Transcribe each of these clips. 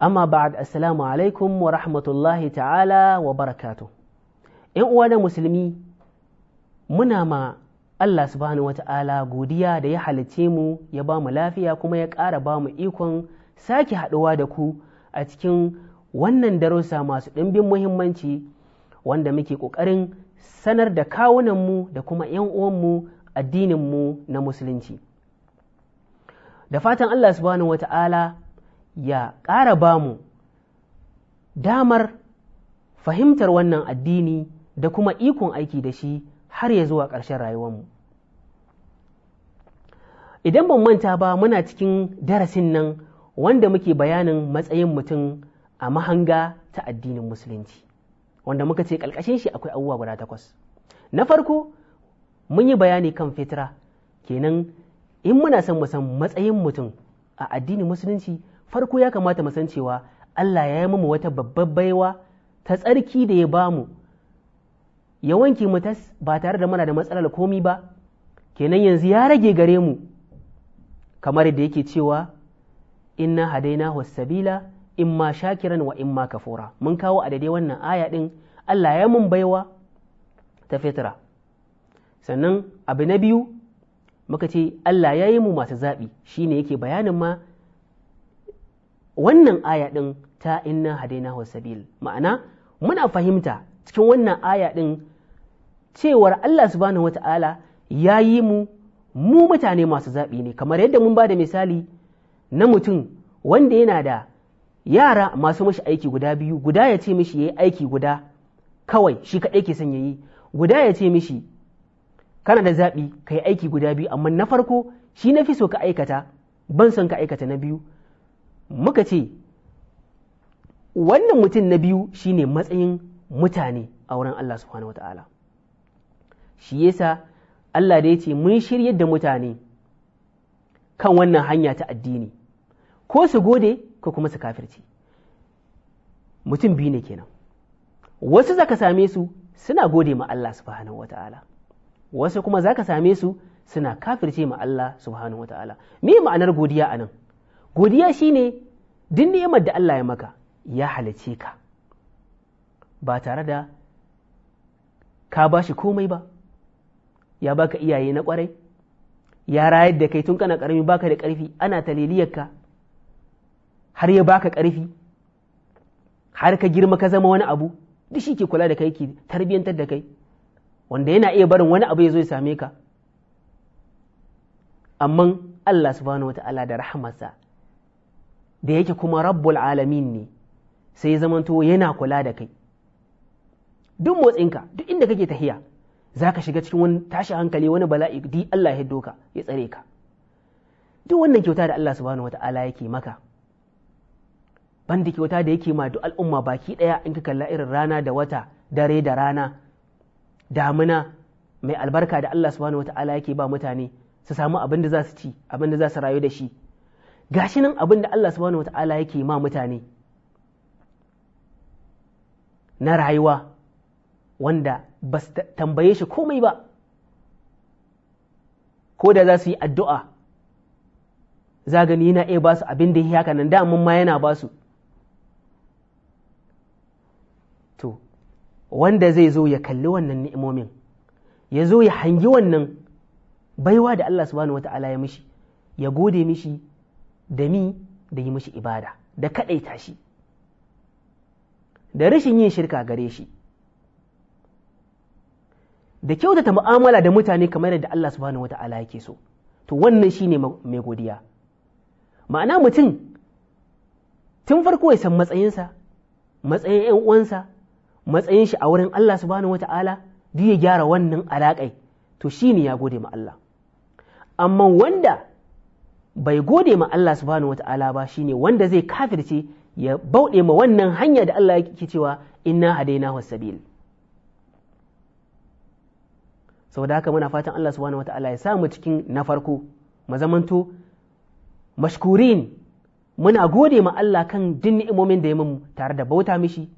amma ba'ad assalamu alaikum wa rahmatullahi ta'ala wa barakatu ‘yan uwa da musulmi muna ma Allah subhanahu wa ta'ala godiya da ya halice mu ya ba mu lafiya kuma ya ƙara ba mu ikon sake haɗuwa da ku a cikin wannan darussa masu ɗimbin muhimmanci wanda muke ƙoƙarin sanar da kawunanmu da kuma ‘yan uwanmu addininmu na musulunci da fatan Allah subhanahu wa ta'ala ya ƙara ba mu damar fahimtar wannan addini da kuma ikon aiki da shi har ya zuwa ƙarshen rayuwarmu. Idan ban manta ba muna cikin darasin nan wanda muke bayanin matsayin mutum a mahanga ta addinin musulunci, wanda muka ce ƙalƙashin shi akwai abubuwa guda takwas. Na farko, mun yi bayani kan fitra, kenan in muna son mu matsayin mutum a addinin musulunci farko ya kamata mu san cewa Allah ya yi mu wata babbar baiwa ta tsarki da ya bamu ya wanke mu tas ba tare da muna da matsalar komi ba kenan yanzu ya rage gare mu kamar da yake cewa inna hadaina sabila imma shakiran wa imma kafura mun kawo a daidai wannan aya din Allah ya mun baiwa ta fitra sannan abu na biyu muka ce Allah ya yi mu masu zaɓi shine yake bayanin ma wannan aya ɗin ta inna hadaina sabil ma'ana muna fahimta cikin wannan aya ɗin cewar Allah subhanahu wata'ala ya yi mu mu mutane masu zaɓi ne kamar yadda mun ba da misali na mutum wanda yana da yara masu mashi aiki guda biyu guda ya ce mishi ya yi aiki guda kawai shi kaɗai ke son ya yi guda ya ce mishi kana da zaɓi ka yi aiki guda biyu amma na farko shi na fi so ka aikata ban son ka aikata na biyu muka ce wannan mutum na biyu shine matsayin mutane a wurin Allah subhanahu wata'ala shi yasa Allah da ya ce mun shiryar da mutane kan wannan hanya ta addini ko su gode ko kuma su kafirci mutum biyu ne kenan wasu zaka same su suna gode ma Allah subhanahu wata'ala wasu kuma zaka same su suna kafirce ma Allah subhanahu wata'ala me ma'anar godiya anan godiya shi ne, duk ni'imar da Allah ya maka ya halice ka ba tare da ka ba shi komai ba ya baka iyaye na kwarai ya rayar da kai tun kana karami baka da karfi ana taliliyarka har ya baka karfi har ka girma ka zama wani abu duk shi ke kula da kai ke tarbiyyantar da kai wanda yana iya barin wani abu ya zo ya same ka amma Allah subhanahu wata'ala da rahamarsa da yake kuma rabbul alamin ne sai zamanto yana kula da kai duk motsinka duk inda kake tahiya za ka shiga cikin wani tashi hankali wani bala'i di Allah ya doka ya tsare ka duk wannan kyauta da Allah subhanahu ta'ala yake maka banda kyauta da yake ma duk al'umma baki daya in ka kalla irin rana da wata dare da rana damuna mai albarka da Allah subhanahu ta'ala yake ba mutane su samu abin da za su ci abin da za su rayu da shi gashi nan abin da Allah subhanahu wata'ala yake ma mutane na rayuwa wanda ba su tambaye shi komai ba ko da za su yi addu'a zagani yana iya ba su abin da ya haka nan damun ma yana ba su to wanda zai zo ya kalli wannan ni'imomin ya zo ya hangi wannan baiwa da Allah subhanahu wata'ala ya mishi ya gode mishi da mi da yi mishi ibada da kaɗaita shi da rashin yin shirka gare shi da kyautata mu'amala da mutane kamar yadda Allah subhanahu wata'ala yake so to wannan shine mai godiya ma'ana mutum tun farko ya san matsayinsa matsayin 'yan uwansa matsayin shi a wurin Allah subhanahu wata'ala duk ya gyara wannan alaƙai to shine ya gode ma Allah amma wanda bai gode ma Allah subhanahu ta'ala ba shine wanda zai kafirce ya bauɗe ma wannan hanya da Allah yake cewa inna hadaina wasabil saboda haka muna fatan Allah subhanahu ta'ala ya samu cikin na farko mu zamanto mashkurin muna gode ma Allah kan duk ni'imomin da ya mamu tare da bauta mishi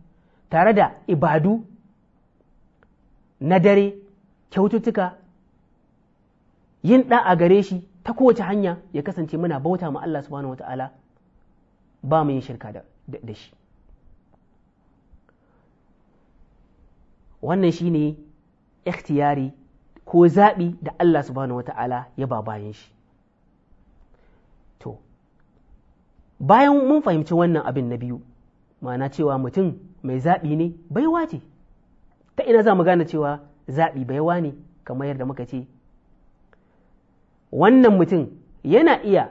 tare da ibadu na dare kyaututtuka yin ɗa a gare shi ta kowace hanya ya kasance muna bauta ma Allah subhanahu wata'ala ba mu yin shirka da shi wannan shi ne ikhtiyari ko zaɓi da Allah subhanahu wata'ala ya ba bayan shi to bayan mun fahimci wannan abin na biyu mana cewa mutum mai zaɓi ne baiwa ce ta ina za mu gane cewa zaɓi baiwa ne kamar yadda muka ce wannan mutum yana iya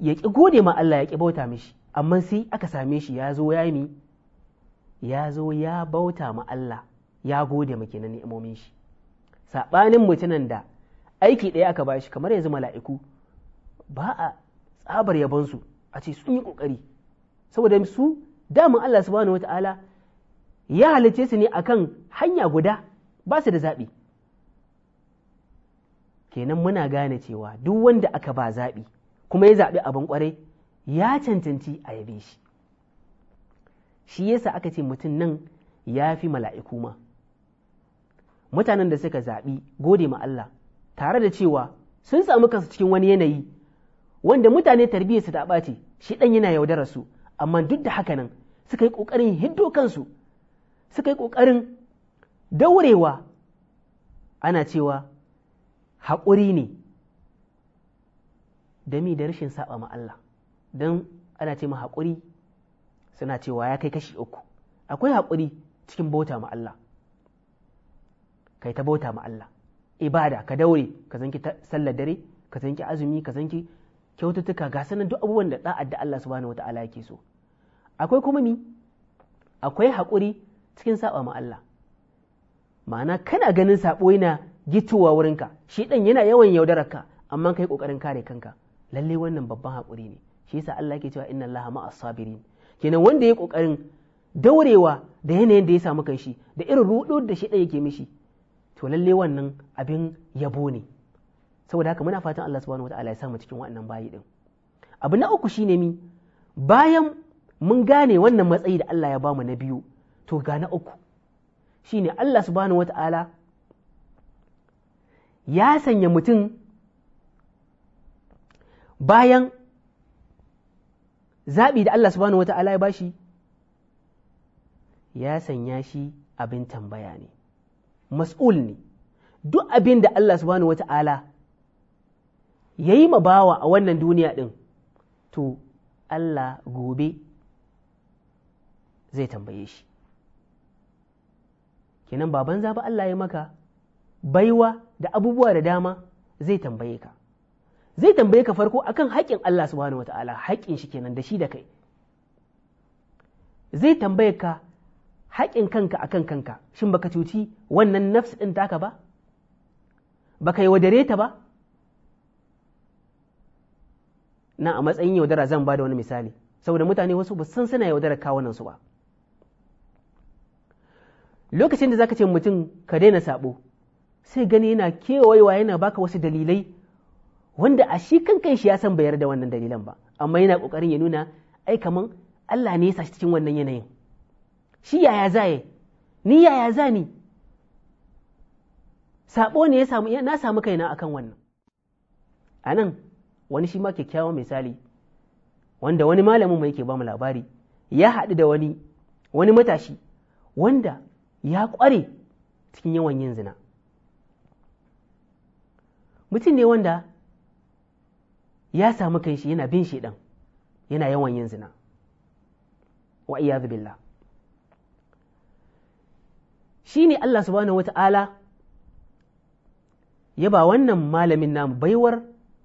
ya ƙi gode ma Allah ya ƙi bauta mishi amma sai aka same shi ya zo ya yi ya zo ya bauta ma Allah ya gode ma kenan ni'imomin shi saɓanin mutumin da aiki ɗaya aka bashi kamar yanzu mala'iku ba a tsabar su a ce sun yi ƙoƙari saboda su daman Allah subhanahu wata'ala ya halice su ne akan hanya guda ba su da zaɓi kenan muna gane cewa duk wanda aka ba zaɓi kuma ya zaɓi abin ƙwarai ya cancanci a yabe shi shi yasa aka ce mutum nan ya fi mala'iku ma mutanen da suka zaɓi gode ma Allah tare da cewa sun samu kansu cikin wani yanayi wanda mutane tarbiyyarsu ta ɓace shi ɗan yana yaudarar su amma duk da haka nan suka yi ƙoƙarin hiddo kansu suka yi ƙoƙarin daurewa ana cewa haƙuri ne da mi da rashin saba ma Allah don ana ce ma haƙuri suna cewa ya kai kashi uku akwai haƙuri cikin bauta ma Allah kai ta bauta ma Allah ibada ka daure ka zanki sallar dare ka zanki azumi ka zanki kyaututtuka ga sanan duk abubuwan da da'ar da Allah subhanahu ta'ala yake so akwai kuma mi akwai haƙuri cikin saba ma Allah ma'ana kana ganin saɓo yana gitowa wurinka shi ɗan yana yawan yaudarar ka amma kai ƙoƙarin kare kanka lalle wannan babban hakuri ne shi yasa Allah ke cewa inna Allah ma'as sabirin kenan wanda ya ƙoƙarin daurewa da yanayin da ya samu kanshi da irin rudo da shi ɗan yake mishi to lalle wannan abin yabo ne saboda haka muna fatan Allah subhanahu wataala ya samu cikin wannan bayi din abu na uku shine mi bayan mun gane wannan matsayi da Allah ya bamu na biyu to ga na uku shine Allah subhanahu wataala ya sanya mutum bayan zaɓi da Allah subhanahu wa ta'ala ya bashi ya sanya shi abin tambaya ne mas'ul ne duk abin da Allah subhanahu wa ta'ala ya yi mabawa a wannan duniya ɗin to Allah gobe zai tambaye shi kenan baban zaɓi Allah ya maka baiwa da abubuwa da dama zai tambaye ka zai tambaye ka farko akan haƙƙin Allah subhanahu wata'ala haƙƙin shi kenan da shi da kai zai tambaye ka haƙƙin kanka akan kanka shin baka cuci wannan nafs ɗin taka ba baka yi wadare ta ba na a matsayin yaudara zan ba da wani misali saboda mutane wasu ba san suna yaudarar kawunan su ba lokacin da zaka ce mutum ka daina sabo sai gani yana kewayewa yana baka wasu dalilai wanda a shi kan kai shi ya san bai yarda wannan dalilan ba amma yana kokarin ya nuna ai kaman Allah ne ya sashi cikin wannan yanayin shi yaya zaye ni yaya za ni sabo ne ya samu na samu kaina akan wannan Anan, wani shi ma kyakkyawan misali wanda wani malamin mai yake ba mu labari ya haɗu da wani wani matashi wanda ya ƙware cikin yawan yin zina mutum ne wanda ya samu kanshi yana bin shaidan yana yawan yin zina wa iyadu billah shi ne Allah subhanahu wata'ala ya ba wannan malamin namu baiwar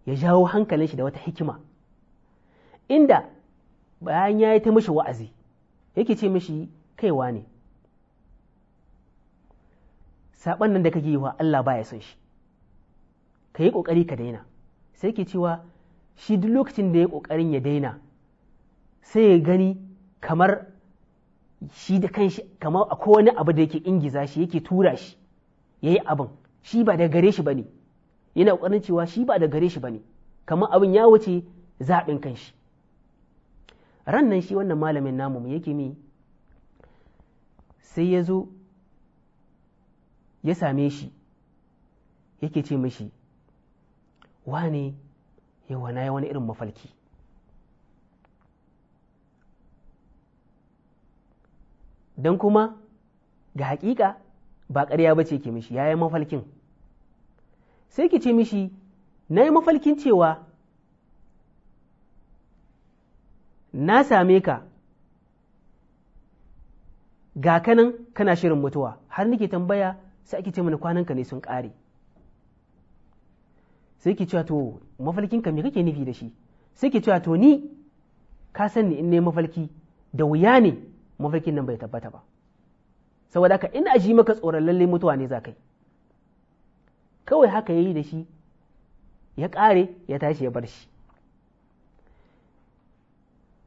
ya jawo hankalin shi da wata hikima inda bayan ya yi ta mishi wa'azi yake ce mishi kaiwa ne saɓan nan da kake yi wa Allah ba ya son shi ka yi ƙoƙari ka daina sai ke cewa shi duk lokacin da ya yi ƙoƙarin ya daina sai ya gani kamar shi da kanshi kamar akwai wani abu da yake ingiza shi yake tura shi ya yi abin shi ba da gare shi ba ne yana ƙoƙarin cewa shi ba da gare shi ba ne kamar abin ya wuce zaɓin kanshi ran nan shi wannan malamin namu yake mi sai ya zo ya same shi yake ce mishi Wani yawa na wani irin mafalki don kuma ga hakika ba ƙarya ba ce ke mishi ya yi mafalkin sai ki ce mishi na yi mafalkin cewa na same ka ga kanan kana shirin mutuwa har nake tambaya sai ake ce mana ka ne sun ƙare sai ke cewa to mafalkin ka me kake nufi da shi sai ke cewa to ni ka san ni in ne mafalki da wuya ne mafalkin nan bai tabbata ba saboda ka ina aji maka tsoron lalle mutuwa ne za kai kawai haka yayi da shi ya kare ya tashi ya bar shi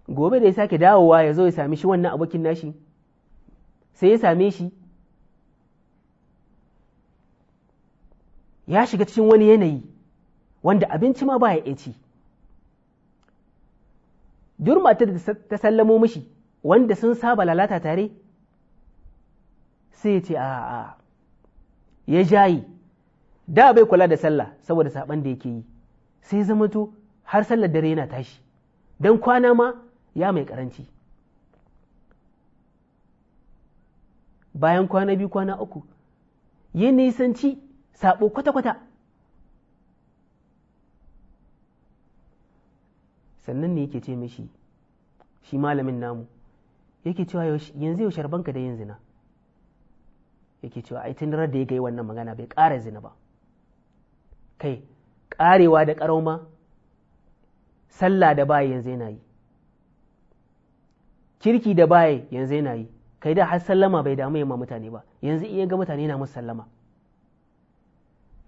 gobe da ya sake dawowa ya zo ya sami shi wannan abokin nashi sai ya same shi ya shiga cikin wani yanayi wanda abinci ma baya ya ci duk matar da ta sallamo mishi wanda sun saba lalata tare sai ya ce a Ya ya jayi da bai kula da sallah saboda saban da yake yi sai zama to har sallar dare yana tashi don kwana ma ya mai karanci bayan kwana biyu kwana uku yi nisanci saɓo kwata-kwata sannan ne yake ce mishi shi malamin namu yake cewa yanzu yaushe rabanka da yin zina yake cewa ai tun da ya gai wannan magana bai ƙara zina ba kai ƙarewa da ƙarauma sallah da baya yanzu yana yi kirki da baya yanzu yana yi kai da har sallama bai damu yamma mutane ba yanzu iya ga mutane na musu sallama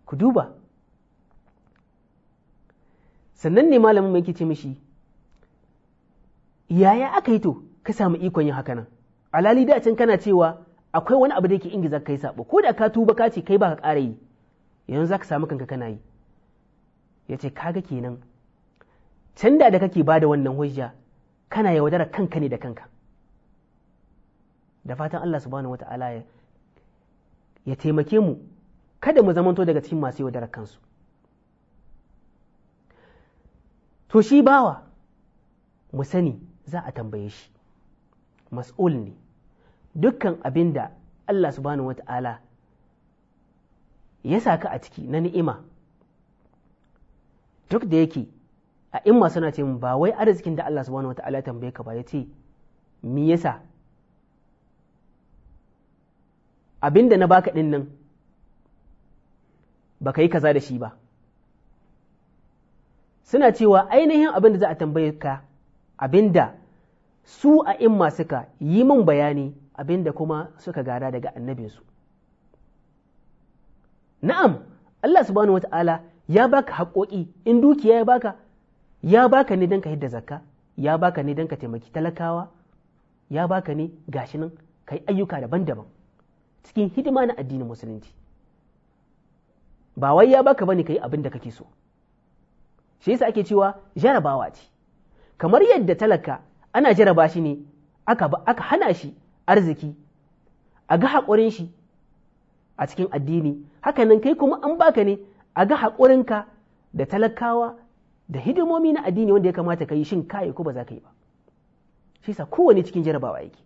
ku duba sannan ne malamin mai ce mishi yaya aka yi to ka samu ikon yin haka nan alali da can kana cewa akwai wani abu da yake ingiza kai sabo ko da ka tuba ka ce kai baka ka ƙara yi yanzu zaka samu kanka kana yi yace kaga kenan can da kake bada wannan hujja kana yaudara kanka ne da kanka da fatan Allah subhanahu wata'ala ya taimake mu kada mu zamanto daga cikin masu yaudara kansu to shi bawa mu sani za a tambaye shi mas'ul ne dukkan abin da Allah subhanahu wata'ala ya saka a ciki na ni'ima duk da yake a masu suna ce ba wai arzikin da Allah subhanahu wata'ala ya tambaye ka ba ya ce me yasa abin da na baka ɗin nan ba ka yi kaza da shi ba suna cewa ainihin abin da za a tambaye ka abinda su a imma suka yi min bayani abinda kuma suka gada daga annabinsu na'am Allah subhanahu wata'ala ya baka haƙoƙi in dukiya ya baka ya baka ne don ka hidda zakka ya baka ne don ka taimaki talakawa ya baka ne gashi nan ka yi ayyuka daban-daban cikin hidima na addinin musulunci ba wai ya baka bane ka yi abin da kake so shi yasa ake cewa jarabawa ce kamar yadda talaka ana jaraba shi ne aka aka hana shi arziki a ga haƙurin shi a cikin addini Haka nan kai kuma an baka ne a ga haƙurinka da talakawa da hidimomi na addini wanda ya kamata ka yi shin kayi ko ba za ka yi ba shi sa kowane cikin jarabawa yake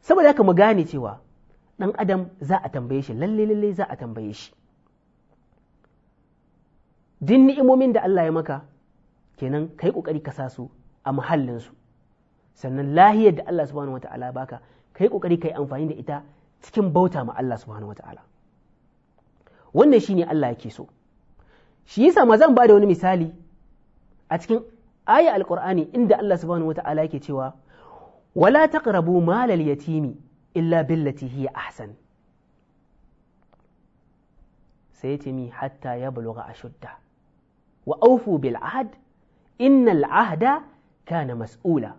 saboda haka mu gane cewa ɗan adam za a tambaye shi lalle lalle za a tambaye shi din ni'imomin da Allah ya maka kenan kai kokari ka sa su a muhallin su sannan lahiyar da Allah subhanahu wata'ala baka kai kokari kai amfani da ita cikin bauta ma Allah subhanahu wata'ala wannan shine Allah yake so shi yasa ma zan bada wani misali a cikin aya alqur'ani inda Allah subhanahu wata'ala yake cewa wala taqrabu malal yatimi illa billati hiya ahsan sai ya mi hatta ya buluga ashudda wa aufu bil ahad innal ahda kana mas'ula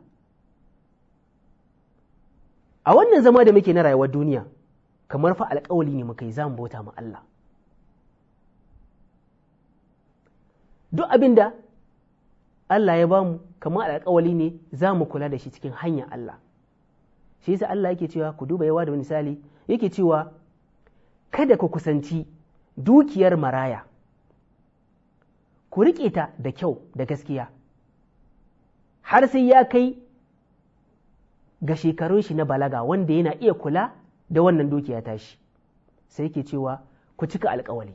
a wannan zama da muke na rayuwar duniya kamar fa alƙawali ne muka yi za mu bauta ma Allah duk abin da Allah ya bamu kamar alƙawali ne za mu kula da shi cikin hanya Allah shi yasa Allah yake cewa ku duba yawa da misali yake cewa kada ku kusanci dukiyar maraya ku riƙe ta da kyau da gaskiya har sai ya kai ga shekarun shi na balaga wanda yana iya kula da wannan dukiya tashi sai ke cewa ku cika alkawali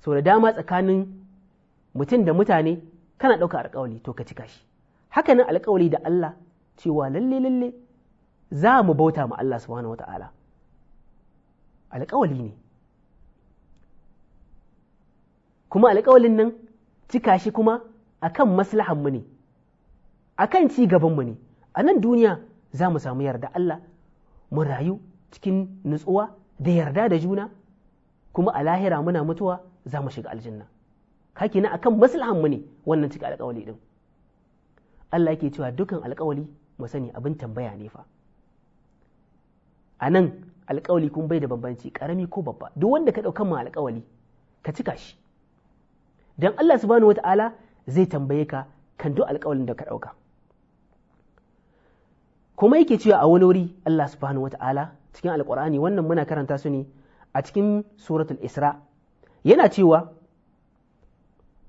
so da dama tsakanin mutum da mutane kana ɗauka alkawali to ka cika shi Haka hakanan alkawali da Allah cewa lalle lalle za mu bauta ma Allah subhanahu wata'ala alkawali ne kuma alƙawalin nan cika shi kuma a kan maslahanmu ne akan ci gabanmu ne a nan duniya za mu samu yarda Allah mu rayu cikin nutsuwa da yarda da juna kuma a lahira muna mutuwa za mu shiga aljanna haki na kan maslahanmu ne wannan cika alƙawali din Allah yake cewa dukan alƙawali mu sani abin tambaya ne fa a nan alƙawali kun bai da bambanci ƙarami ko babba duk wanda ka ɗauka mu alƙawali ka cika shi dan Allah subhanahu wata'ala zai tambaye ka kan duk alƙawalin da ka ɗauka kuma yake cewa a wani wuri Allah subhanahu wata'ala cikin alƙur'ani wannan muna karanta su ne a cikin suratul isra yana cewa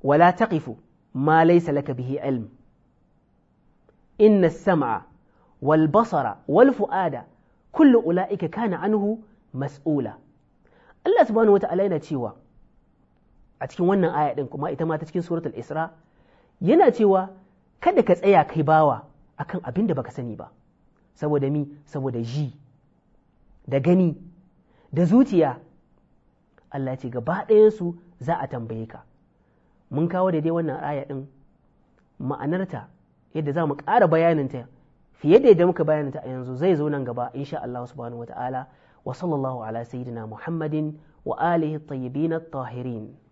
wala taqifu ma laysa laka bihi ilm inna sama wal basara wal fu'ada kullu ula'ika kana anhu mas'ula Allah subhanahu wata'ala yana cewa a cikin wannan aya ɗin kuma ita ma ta cikin suratul isra yana cewa kada ka tsaya kai bawa akan abin da baka sani ba saboda mi saboda ji da gani da zuciya Allah ce gaba ɗayansu za a tambaye ka mun kawo da dai wannan aya ɗin ma'anarta yadda za mu ƙara bayaninta fiye da yadda muka bayaninta a yanzu zai zo nan gaba insha Allah subhanahu wa ta'ala wa sallallahu ala sayyidina Muhammadin wa alihi tayyibin at-tahirin